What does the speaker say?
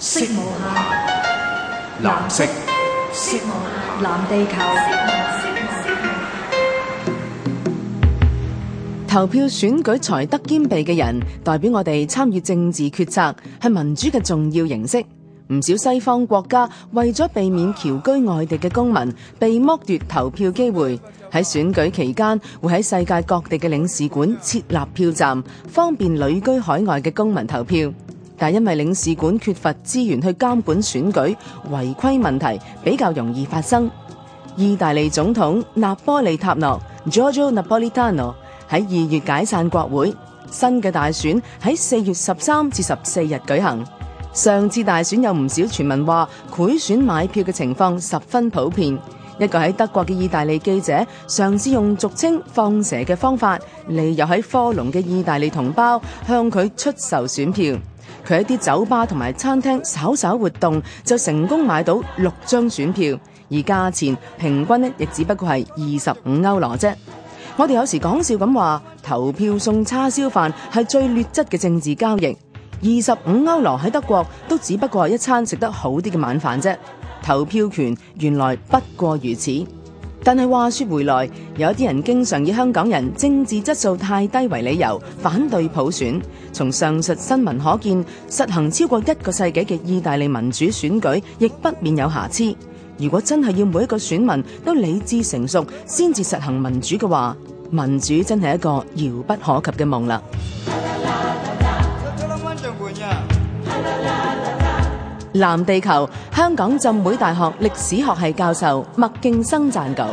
色無下藍色，色藍地球。投票選舉才德兼備嘅人，代表我哋參與政治決策係民主嘅重要形式。唔少西方國家為咗避免僑居外地嘅公民被剝奪投票機會，喺選舉期間會喺世界各地嘅領事館設立票站，方便旅居海外嘅公民投票。但因為領事館缺乏資源去監管選舉，違規問題比較容易發生。意大利總統納波利塔諾、no, （Giorgio Napolitano） 喺二月解散國會，新嘅大選喺四月十三至十四日舉行。上次大選有唔少傳聞話，賄選買票嘅情況十分普遍。一個喺德國嘅意大利記者，嘗試用俗稱放蛇嘅方法利誘喺科隆嘅意大利同胞向佢出售選票。佢喺啲酒吧同埋餐廳稍稍活動，就成功買到六張選票，而價錢平均咧，亦只不過係二十五歐羅啫。我哋有時講笑咁話，投票送叉燒飯係最劣質嘅政治交易。二十五歐羅喺德國都只不過係一餐食得好啲嘅晚飯啫，投票權原來不過如此。但係話説回來，有啲人經常以香港人政治質素太低為理由，反對普選。從上述新聞可見，實行超過一個世紀嘅意大利民主選舉，亦不免有瑕疵。如果真係要每一個選民都理智成熟先至實行民主嘅話，民主真係一個遙不可及嘅夢啦。藍地球，香港浸會大學歷史學系教授麥勁生撰稿。